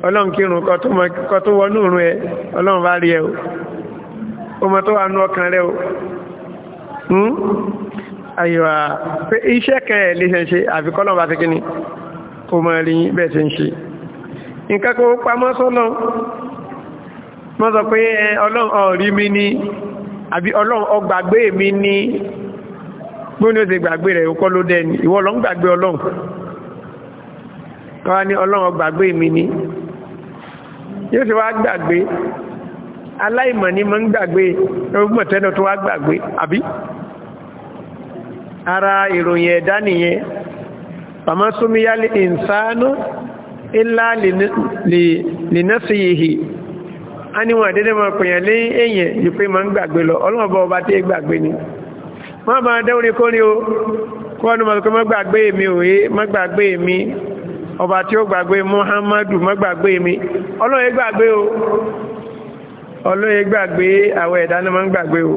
ọlọ́run kírun kọ tó wọnú òrùn ẹ ọlọ́run bá rí ẹ o ọmọ tó wà nú ọkàn rẹ o hmm? àyíwá pé iṣẹ́ kan ẹ̀ lè ṣe ń ṣe àfikọ́lọ́run bá fi kíní kó mọ rí bẹ́ẹ̀ ṣe ń ṣe gbóni ó ti gbàgbé rẹ̀ ìwọ́kọ́ ló dẹ́ni ìwọ́ lọ́n gbàgbé ọlọ́run kọ́wá ní ọlọ́run ọgbàgbé mi ní yóò ṣe wá gbàgbé aláìmọ̀ ní mọ́ ń gbàgbé ọgbọ̀n tẹ́lẹ̀ tó wá gbàgbé àbí ara ìròyìn ẹ̀dá nìyẹn ọmọ súnmíyálì ìsánú ilá lìnásíyìí a ní wọn àdédé lé èèyàn yìí pé mọ́ ń gbàgbé lọ ọlọ́mọba ni o mi ọba tí ó gbàgbé muhammadu má mi ọlọ́run yẹn gbàgbé o ọlọ́run yẹn gbàgbé àwọn ẹ̀dá náà má gbàgbé o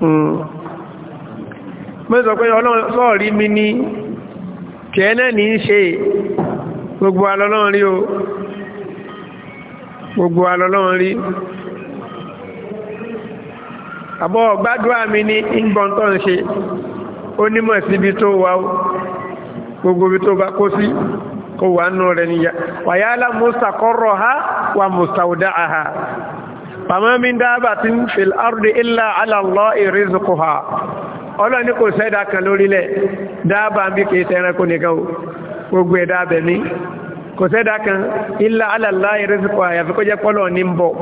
hmm. mo sọ pé ọlọ́run sọ́ọ̀rí mi ní tìẹ́ náà ní í ṣe gbogbo alọ́lọ́run o gbogbo alọ́lọ́run rí àbọ̀ gbàdúrà mi ní ìgbọ̀ntọ́ ń ṣe onímọ̀ síbi tó wà gbogbo bí tó bá kó sí kó wà nù rẹ̀ níyà wàyálà mustaqarraha ha wà mustawda'aha fama min dábàtín fil ardi illa ala Allahi rizquha ọlọ́ ní kò sẹ́dá kan lórílẹ̀ dábà bí kìí tẹ́ranko nìkan gbogbo ẹ̀dá bẹ̀mí kò sẹ́dá kan illa ala Allahi rizquha yàfi kó jẹ́ pọ́lọ̀ ní ń bọ̀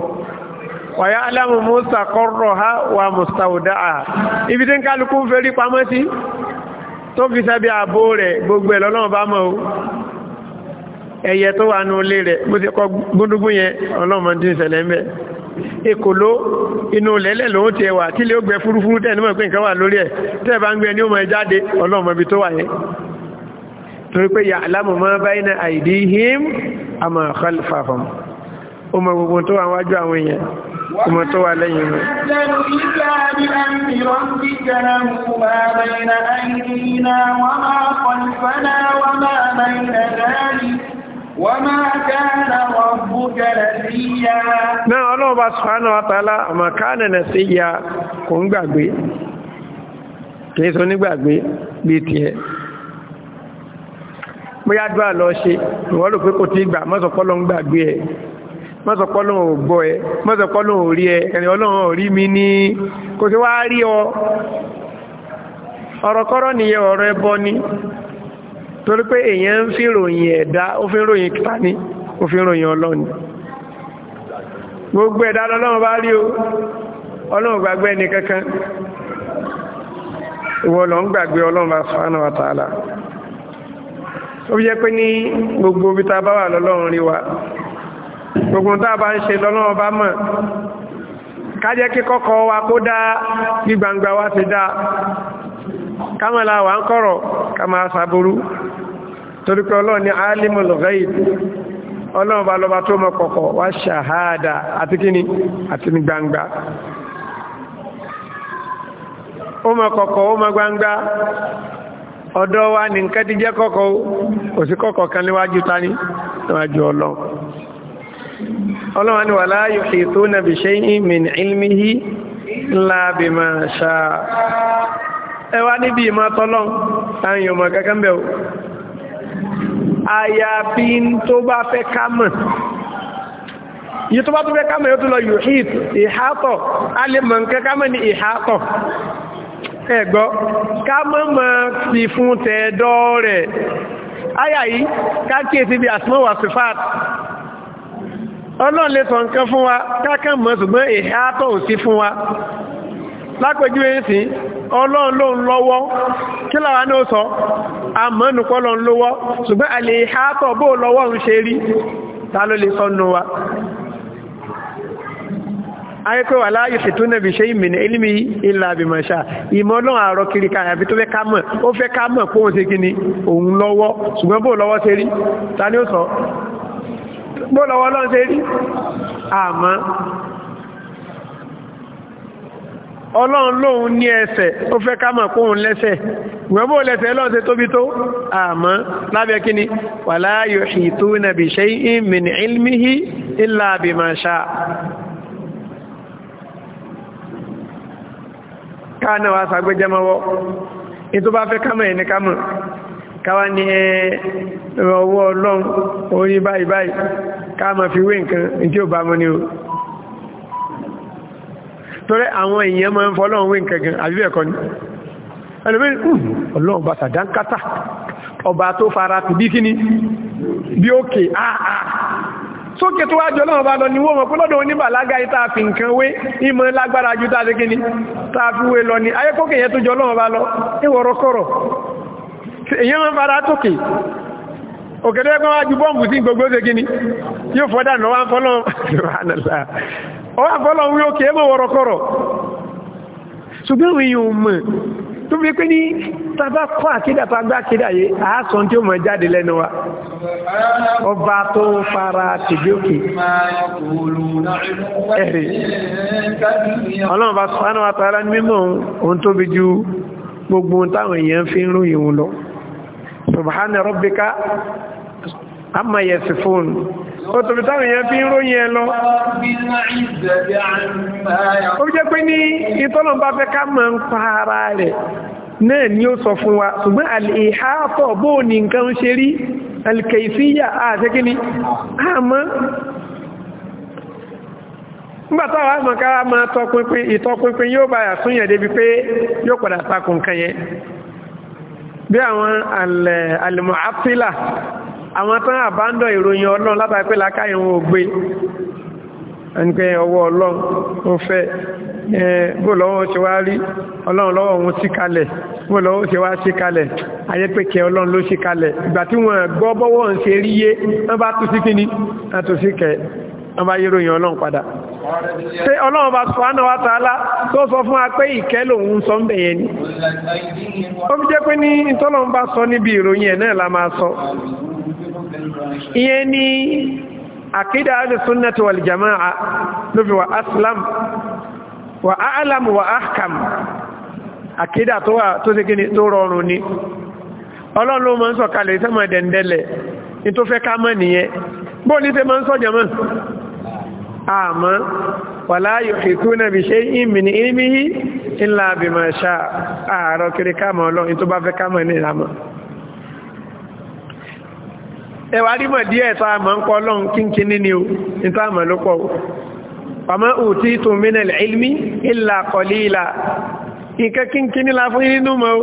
wàyá alámù mustaqarraha wà mustawda'aha ibi tí ń kálukú fẹ́rí pamọ́ sí tó fi sábẹ́ ààbò rẹ̀ gbogbo ẹ̀ lọ́lọ́run bá mọ̀ o ẹyẹ tó wà ní olè rẹ̀ bó ti kọ gúndúgún yẹn ọlọ́run ti ń ṣẹlẹ̀ ń bẹ̀ ekòló inú lẹ́lẹ̀ lòun ti ẹwà tí lè ó gbẹ fúrúfúrú tẹ́ nímọ̀ pé nǹkan wà lórí ẹ̀ tẹ́ bá ń gbẹ ní ọmọ ìjáde ọlọ́run ibi tó wà yẹn torí pé yà alámọ̀mọ́ báyìí àìdí him àmọ̀ khalfahum ó mọ gbogbo tó wà wájú àwọn èèyàn ọmọ tó wà lẹ́yìn rẹ̀. Náà ọlọ́ọ̀bá Subhanahu wa Ta'ala, àmà káàdẹ̀ nẹ̀ sí ìyá kò ń gbàgbé, kìí sọ nígbàgbé bí ti ẹ. Bóyá dúà lọ ṣe, ìwọ́n lò pé kò tí gbà, mọ́sọ̀pọ̀ lọ ń gbàgbé ẹ̀. mọ́sọ̀pọ̀ lóun ò gbọ́ ẹ mọ́sọ̀pọ̀ ò rí ẹ ẹni ọlọ́run ò rí mi ní kò sí wá rí ọ ọ̀rọ̀kọ́rọ̀ nìyẹn ọ̀rọ̀ ẹbọ ni torí pé èyàn ń fi ròyìn ẹ̀dá òfin ròyìn ni òfin ròyìn gbogbo ẹ̀dá lọ́lọ́run bá rí o ọlọ́run gbàgbé ẹni kankan ìwọ lọ ń gbàgbé bá tààlà gbogbo tá a bá ń ṣe lọ́nà ọba mọ̀ kájẹ́ kí kọ́kọ́ wa kó dá bí gbangba ti dá kámọ́lá wà ń kọ́rọ̀ ká máa torí pé ọlọ́run alimul ghaib ọlọ́run bá lọ́ba tó mọ̀ kọ̀kọ̀ wá ṣàhádà àti kíni àti ní gbangba ó mọ̀ kọ̀kọ̀ ó kan níwájú tani níwájú ọlọ́run ọlọ́wọ́n ni wà láàyò ètò nàbì ṣe ìmìn ilmihi ńlá bí ma ṣá ẹ wá níbi ìmọ̀ tọ́lọ́ àyàn mọ̀ kankan bẹ̀ o àyàfi tó bá fẹ́ ká mọ̀ yìí tó bá tó fẹ́ ká mọ̀ yóò tó lọ yóò hìt ìhátọ̀ a mọ̀ nǹkan ká mọ̀ ní ìhátọ̀ ẹ̀gbọ́ ká mọ́ mọ́ sí fún tẹ̀ẹ́dọ́ rẹ̀ áyà yìí ká kíyèsí bí asmọ́ sífàtì ọlọ́run lè sọ nǹkan fún wa káàkà mọ̀ ṣùgbọ́n ìhẹ́ àtọ̀ ò sí fún wa lápẹjúwé sí ọlọ́run ló ń lọ́wọ́ kí láwa ní ó sọ àmọ́nùkọ́ lọ ń lọ́wọ́ ṣùgbọ́n àlè ìhẹ́ àtọ̀ bó lọ́wọ́ ń ṣe rí ta ló lè sọ nù wa ayé pé wà láàyè ṣètò nẹ̀bì ṣe ìmìnà ilimi ilà àbìmọ̀ṣà ìmọ̀ náà àrọ kiri ká àbí tó fẹ́ ká mọ̀ ó fẹ́ ká mọ̀ pé òun kí ni òun lọ́wọ́ ṣùgbọ́n bó lọ́wọ́ ṣe rí ta ni ó sọ gbọ́lọ̀wọ́ lọ́n ṣe rí àmá ọlọ́run lóhun ní ẹsẹ̀ ó fẹ́ ká mọ̀ kóhun lẹ́sẹ̀ ìwọ̀n bó lẹ́sẹ̀ lọ́n ṣe tóbi tó àmá lábẹ́ kíni wala yuhituna bi shay'in min ilmihi illa bima sha káà náà wá sàgbéjẹmọ́wọ́ ní káwá ní ọwọ́ ọlọ́run orí báyìí báyìí ká ma fi wé nǹkan tí ó bá mọ́ ní o torí àwọn èèyàn máa ń fọ́lọ́run wé nǹkan gan àbí ẹ̀kọ́ ni ẹlòmí hmm, ọlọ́run bá sàdánkátà ọba tó fara ti bí kíní bí òkè àà ah, ah. sókè tó wájú ọlọ́run bá lọ ní wọ́n mọ̀ pé lọ́dọ̀ oníbàlágá ìta fi nǹkan wé ìmọ̀ lágbára ju tàbí kíní tàbí wé lọ ní ayẹ́kọ́kẹ̀ yẹn tó jọ ọlọ́run bá lọ ìwọ̀rọ̀kọ̀rọ̀ èyàn máa ń fara tókè òkèdè ẹgbẹ́ wájú bọ́m̀bù sí gbogbo ṣe gíní yóò fọ́dá nà wá fọ́lọ́ wí òkè ẹmọ wọ́rọ̀kọ́rọ̀ ṣùgbọ́n èyàn ò mọ̀ tó fi pé wa ọba tó fara tìbí òkè ẹ̀rẹ̀ ọlọ́run bá sọ́nà wa tààrà mímọ̀ ohun gbogbo táwọn èèyàn fi ń ròyìn òun lọ subhana rabbika amma yasifun ó tóbi táwọn èèyàn fi ń ròyìn ẹ lọ ó jẹ́ pé ní ìtọ́lọ̀n bá fẹ́ ká mọ̀ ń pa ni ó sọ fún wa ṣùgbọ́n al-ihata bóò ní nǹkan ṣe rí al nígbàtá bí àwọn àlẹ̀mọ̀ áfílà àwọn tán àbándọ̀ ìròyìn ọlọ́run látàrí pé lákàyè wọn ò gbé ẹnikẹ́ ọwọ́ ọlọ́run ó fẹ́ bó lọ́wọ́ ṣe wá rí ọlọ́run lọ́wọ́ òun sí kalẹ̀ bó lọ́wọ́ ṣe wá sí kalẹ̀ ayé pé ló sí kalẹ̀ ìgbà tí wọ́n gbọ́ ń ṣe rí yé wọ́n bá tún sí kíní wọ́n sí kẹ wọ́n bá yé ọlọ́run padà ṣé ọlọ́run bá wa ta'ala tó sọ fún wa pé ìkẹ́ lòun sọ ń bẹ̀ yẹn ni ó fi jẹ́ pé ní ìtọ́lọ́run sọ níbi ìròyìn ẹ̀ náà la máa sọ ìyẹn ni àkídà alìsúnnàtí wal jama'a ló fi wà aslam wà alam wà áhkam àkídà tó wà tó síkí tó rọrùn ni ọlọ́run ló máa ń dẹ̀ndẹ̀lẹ̀ ní tó fẹ́ àmọ́ wàlá yuhituna bi shay'in min ilmihi illa bima sha'a àárọ̀ kiri káàmọ̀ ọlọ́run tó bá fẹ́ káàmọ̀ ní ìlàmọ̀ ẹwà rímọ̀ díẹ̀ tó àmọ́ ń kọ́ ọlọ́run kínkíní ni o ní tó àmọ́ ló pọ̀ o fàmọ́ òtí tó min al-ilmi illa qalila nǹkan kínkíní la fún nínú mọ́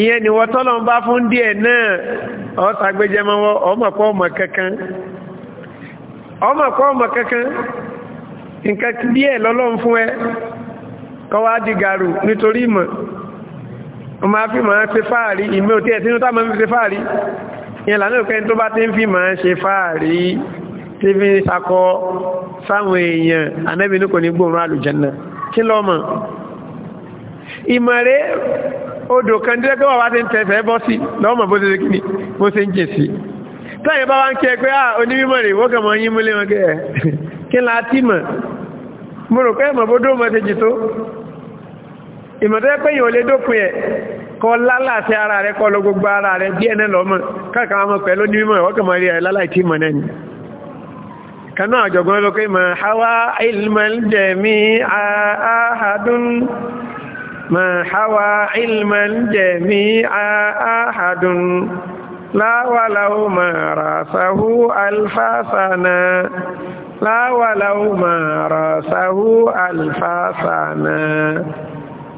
ìyẹn ni wọ́n tọ́lọ́ bá fún díẹ̀ náà ọ̀ọ́sàgbéjẹmọ́wọ́ ọmọ kọ́ ọmọ kankan nǹkan díẹ̀ lọ́lọ́run fún ẹ kọwàá di gàrù nítorí ìmọ̀ o máa fi máa ṣe fáàrí ìmẹ́ òtí ẹ̀tínú tá máa fi ṣe fáàrí ìyẹn lànà òkẹ́ tó bá ti ń fi máa ṣe fáàrí tí fi sakọ sáwọn èèyàn anẹ́bìnú kò táyẹ̀ bá wá ń kí ẹ pé à ah, onímọ̀ rẹ̀ wọ́n kàn mọ́ yín múlé wọn kẹ́ kí n láti mọ̀ mo rò pé ìmọ̀ bódó mọ̀ ti jì tó ìmọ̀ tó yẹ pé yìí ò lè dópin ẹ̀ kọ lálàáfẹ́ ara rẹ̀ kọ lọ gbogbo ara rẹ̀ bí ẹ̀nẹ́ lọ́mọ̀ káàkà láwàláwò máa rà sáhú alfàṣànà láwàláwò máa rà sáhú alfàṣànà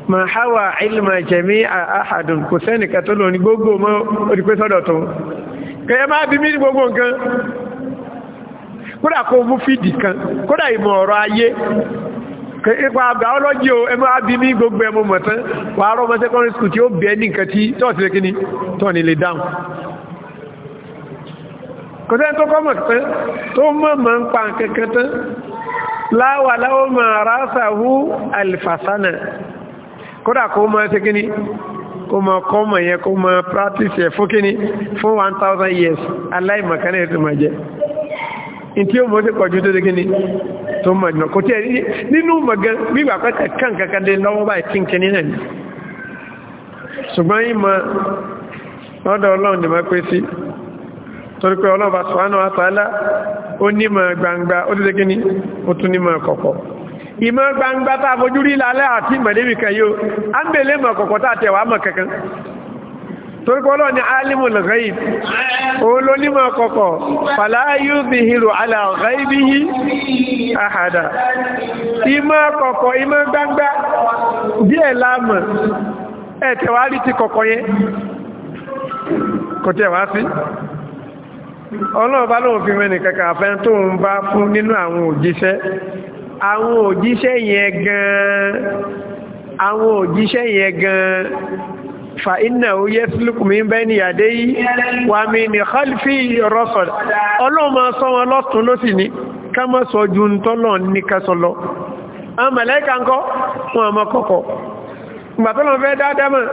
ma hawa ilma jami a ahadun kò sẹ́nìkà tó lò ní gbogbo mọ́ orípẹ́ sọ́dọ̀ tó kẹyẹ máa bí mí ní gbogbo nǹkan kódà kó mú fídì kan kódà ìmọ̀ ọ̀rọ̀ ayé ipa biology o ẹmọ́ àbí mí gbogbo ẹmọ mọ̀tán wà rọ́mọ secondary school tí ó bẹ̀ẹ́ ní nǹkan tí tọ́ọ̀tí lè dáhùn kò tẹ́ tó kọ́mọ̀ pé tó mọ́ mọ́ ń pa kẹ́kẹ́ tán láwà láwọ́ ma rásáhú alifasana kódà kó mọ́ ṣe kíní kó mọ́ kọ́mọ̀ yẹ kó mọ́ practice yẹ fún kíní fún 1000 years aláìmọ̀kánà ètò mọ̀ jẹ́ tí ó mọ́ sí pọ̀jú tó kíní tó mọ̀ jùlọ kò tẹ́ nínú mọ̀gán gbígbà pẹ́tẹ̀ kàn kankan dé lọ́wọ́ báyìí tí kíní náà ni ṣùgbọ́n yìí mọ́ lọ́dọ̀ ọlọ́run ni mọ́ pé torí pé ọlọ́ọ̀bá sọ́hánà àtàlá ó nímọ̀ gbangba ó tún tẹ́kí ní ó tún nímọ̀ kọ̀kọ̀ ìmọ̀ gbangba tá a fojú rí lálẹ́ àti mọ̀lẹ́bí kan yóò á ń bèèlè mọ̀ kọ̀kọ̀ tá a ala ghaibihi ahada ìmọ̀ kọ̀kọ̀ ìmọ̀ gbangba díẹ̀ láàmọ̀ ẹ̀tẹ̀wà rí ti kọ̀kọ̀ yẹn kò tẹ̀wà sí ọlọ́run bá lóun fi mẹ́ni kankan àfẹ́ tó ń bá fún nínú àwọn òjíṣẹ́ àwọn òjíṣẹ́ yẹn gan àwọn òjíṣẹ́ yẹn gan fa iná oyé sílùkùnmí bẹ́ ní àdé yìí wà mí ní khalfi rọ́sọ̀dá ọlọ́run máa sọ wọn lọ́tún lọ́sì ní ká má sọ ju ń tọ́lọ̀ ní kásọ lọ àwọn mẹ̀lẹ́kà ń kọ́ wọn àmọ́ kọ̀kọ̀ gbàtọ́lọ́ fẹ́ dáadáa mọ̀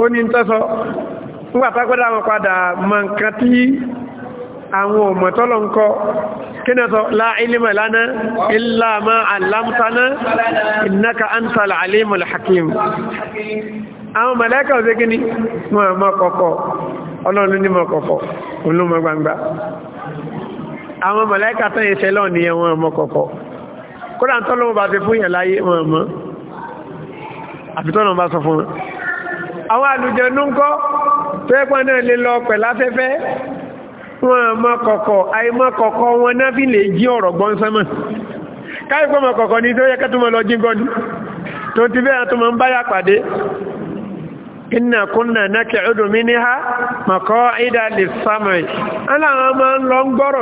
ó ní ń tọ́sọ àwọn ọmọ tọ́lọ̀ ń kọ́ kínàtọ̀ láìlímà lánà ìlàmà àlámtánà ìnáka an tààlà alímàlì hakim àwọn mẹ́lẹ́kà ọ̀sẹ́ gíní mọ́ àmọ́ kọ̀kọ̀ ọlọ́run ní mọ́ kọ̀kọ̀ olómọ gbangba àwọn mẹ́lẹ́kà tán ìṣẹ́ lọ ní ẹwọ́n ọmọ kọ̀kọ̀ kódà tọ́lọ́wọ́ bá ti fún yẹn láyé wọn mọ́ tó ẹ́pọ̀ náà lè lọ pẹ̀láfẹ́fẹ́ wọn àmọ́ kọ̀kọ̀ àìmọ́ kọ̀kọ̀ wọn náà fi lè jí ọrọ gbọ́n sánmà káyíkọ́ mọ̀ kọkọ ní tó yẹ kẹ́tùmọ̀ lọ jíngọ́ ní tó ti bẹ́ẹ̀ tó ń báyà pàdé inna kunna naki'udu minha maq'ida lis-sam'i ala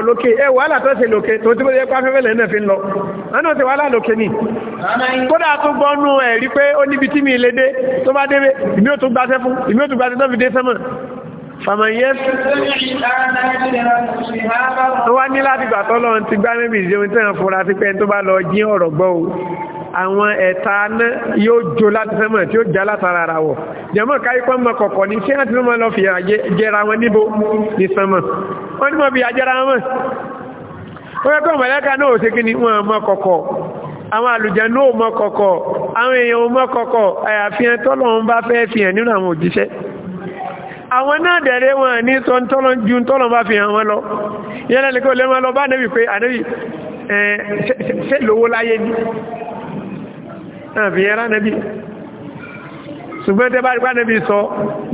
lókè to lókè to ti bo na lókè ni kódà bi gba fún gba tó fi dé fàmàyẹ́ tó wá ní láti gbà tọ́lọ ti gbá níbi ìjẹun tí wọ́n fura sí pé tó bá lọ jí ọ̀rọ̀ gbọ́ o àwọn ẹ̀ta náà yóò jó láti sẹ́mọ̀ tí ó já látara ara wọ̀ jẹ́mọ́ káyípọ́ mọ́ kọ̀kọ̀ ní ṣé láti mọ́ lọ fi jẹra wọn níbo ní sẹ́mọ̀ wọ́n ní mọ́ fi àjẹra wọn ó yẹ kó mọ̀lẹ́ka náà ò ṣe kí ni wọ́n mọ́ kọ̀kọ̀ àwọn àlùjànnú ò mọ́ kọ̀kọ̀ àwọn èèyàn ò mọ́ kọ̀kọ̀ àyàfihàn tọ́lọ́run bá fẹ́ fihàn nínú àwọn òjíṣẹ́ àwọn náà dẹ̀rẹ́ wọn ní sọ bá fi hàn wọn lọ yẹ́lẹ̀ ní kí o lè máa lọ bá nẹ́bì pé ànẹ́bì ṣe lówó láyé ní àfihàn nẹ́bì ṣùgbọ́n tẹ́ bá rí pánẹ́bì sọ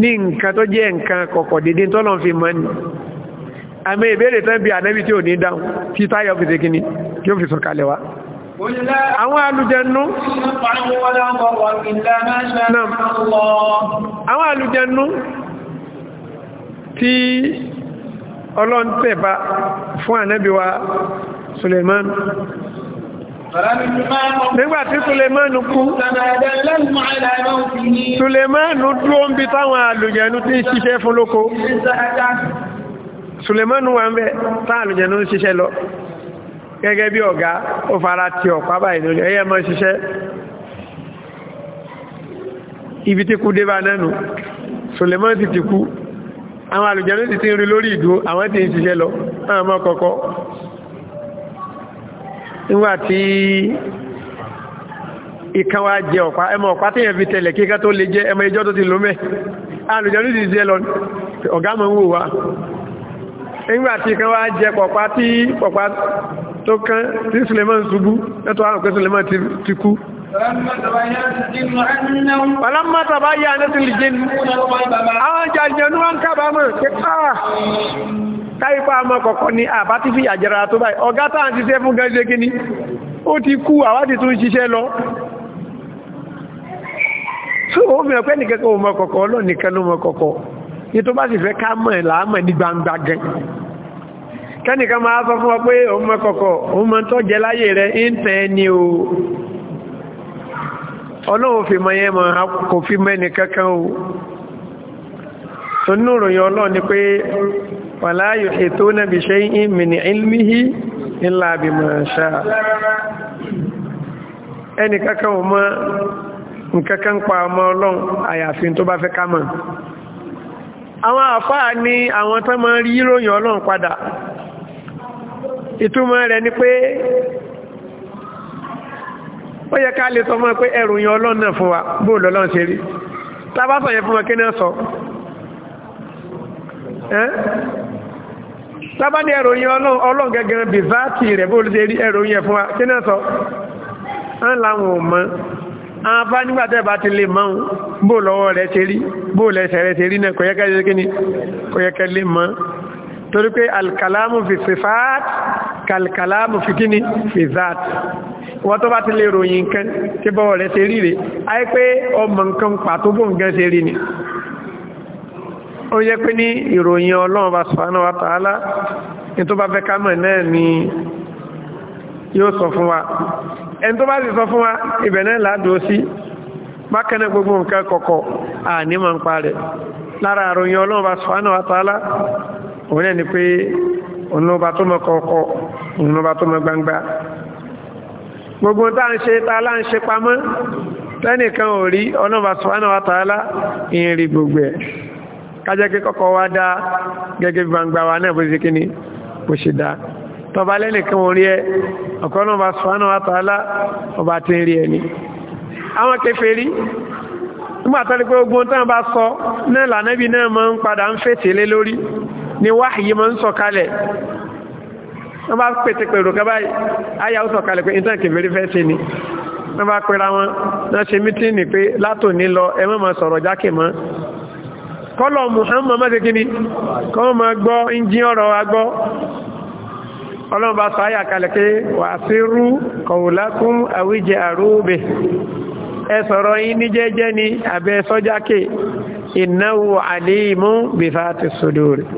ní nǹkan tó jẹ́ nǹkan kọ̀kọ̀ dédé tọ́lọ fi mọ́ ni àmì ìbéèrè tán bí ànẹ́bì tí ò ní dáhùn tí táyọ̀ fi ṣe kíní kí ó fi sọ kalẹ̀ wá àwọn alùjẹnú àwọn alùjẹnú tí ọlọ́ntẹ̀bá fún ànábíwá Suleiman nígbàtí Suleiman kú Suleiman dúró ń bi táwọn àlùjẹ̀nú tí ń ṣiṣẹ́ fún lóko Suleiman wà ń bẹ táwọn àlùjẹ̀nú ń ṣiṣẹ́ lọ gẹ́gẹ́ bí ọ̀gá ó fara ti ọ̀pá báyìí lórí ẹyẹ mọ́ ṣiṣẹ́ ibi tí kú dé bá nánú Suleiman ti ti kú àwọn àlùjànnú sì ti ń rí lórí ìdúró àwọn tí ń ṣiṣẹ́ lọ àwọn ọmọ kọ̀ọ̀kọ́ nígbà tí ìkan wa jẹ ọ̀pá ẹmọ ọ̀pá tí yẹn fi tẹ̀lẹ̀ kíká tó lè jẹ ẹmọ ìjọ́ tó ti lómẹ́ àlùjànnú sì ṣiṣẹ́ lọ ọ̀gá ń wò wá nígbà tí ìkan wa jẹ pọ̀pá tí pọ̀pá tó kán tí Suleiman ṣubú lẹ́tọ̀ àwọn pé Suleiman ti kú Fọlọ́mọ́ tàbá yá ní ti lè jẹun. Àwọn jàjẹ̀nú wọn kábàámọ̀ pé káà káyípa ọmọ kọ̀kọ́ ni àbá ti fi àjẹ́ra tó báyìí. Ọ̀gá tàà ti ṣe fún gẹ́gẹ́ kíní. Ó ti kú àwádìí tó ń ṣiṣẹ́ lọ. Sọ ó mìíràn pẹ́ nìkan ọmọ kọ̀kọ́ ọlọ́nìkan ló mọ kọ̀kọ́. Ní tó bá sì fẹ́ ká mọ̀ láàmọ̀ ní gbangba gan kẹ́nìkan ọlọ́run fi mọ́ mọ́ kò fi mẹ́ni kankan o tó nínú ni pé wala yuhituna na shay'in min ilmihi illa bima sha'a ẹni kankan o mọ́ nkankan pa ọmọ ọlọ́run àyàfi tó bá fẹ́ ká mọ̀ àwọn àfáà ni àwọn tó máa rí ìròyìn ọlọ́run padà ìtumọ̀ rẹ̀ ni pé ó yẹ ká lè sọ mọ́ pé ẹrù yẹn ọlọ́run náà fún wa bó lọ́lọ́run ṣe rí tábà sọ yẹn fún wọn kí náà sọ tábà ní ẹrù yẹn ọlọ́run gẹ́gẹ́ bí záàtì rẹ̀ bó ṣe rí ẹrù yẹn fún wa kí náà sọ ń láwọn ò mọ́ àwọn bá nígbàtẹ́ bá ti lè máa bó lọ́wọ́ rẹ̀ ṣe rí bó lẹ́ṣẹ̀ rẹ̀ ṣe rí náà kọ̀yẹ́kẹ́ ṣe kí wọ́n tó bá ti lè ròyìn nǹkan tí bọ́wọ̀ rẹ̀ ṣe ríre ayé pé ọmọ nǹkan pàtó bó nǹkan ṣe rí ni ó yẹ pé ní ìròyìn ọlọ́run bá subhanahu ní tó bá fẹ́ ká mọ̀ náà ni yóò sọ fún wa ẹni tó bá sì sọ fún wa ibẹ̀ náà ládùú sí bákanáà gbogbo nǹkan kọ̀kọ̀ àní máa ń pa lára àròyìn ọlọ́run bá subhanahu òun náà ni pé òun ló bá tó mọ kọ̀ọ̀kọ̀ òun gbogbo tá ń ṣe tá lá ń ṣe pamọ́ tẹ́nìkan ò rí ọlọ́ba sọ́nà wa tààlà ìyẹn rí gbogbo ẹ̀ kájẹ́ kí kọ́kọ́ wá dá gẹ́gẹ́ bí gbangba wa náà bó ṣe kí ni bó ṣe dá tọba lẹ́nìkan ò rí ẹ ọ̀kọ́ ọlọ́ba sọ́nà wa ọba tí ni wáhìí máa ń wọ́n bá pètè pèrò kábáyì ayà ó sọ̀kalẹ̀ pé ìtàn kèfèrí fẹ́ ṣe ni wọ́n bá pèrà wọn náà ṣe mítíìnì pé látòní lọ ẹ má máa sọ̀rọ̀ jákè mọ́ kọ́lọ̀ Muhammad má ṣe ni kọ́ ma gbọ́ injí ọ̀rọ̀ agbọ́ ọlọ́run bá sọ ayà kalẹ̀ pé wà sí rú kọ̀wùlákún àwíjẹ àrúbẹ̀ ẹ sọ̀rọ̀ yín ní jẹ́jẹ́ ni àbẹ́ sọ́jákè ìnáwó àlèémú bìfà ti sódò rẹ̀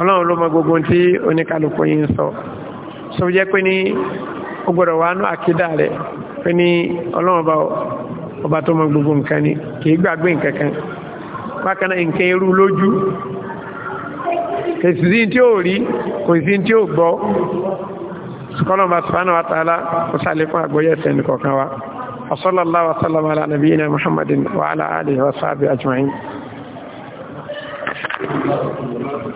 ọlọ́run ló mọ gbogbo tí oníkàlùkù yín sọ so jẹ́ pé ní ó gbọ́dọ̀ wà nú àkídà rẹ̀ pé ní ọlọ́run bá ọba tó mọ gbogbo nǹkan ni kìí gbàgbé nǹkan kan bákan náà nǹkan irú lójú kèsì sí tí ó rí kò sí tí ó gbọ́ sukọ́lọ́ bá subhanahu wa ta'ala kó sàlékún àgbóyẹ̀ sẹ́ni kọ̀ọ̀kan wa wasallallahu wasallam ala nabiyina muhammadin wa ala alihi wa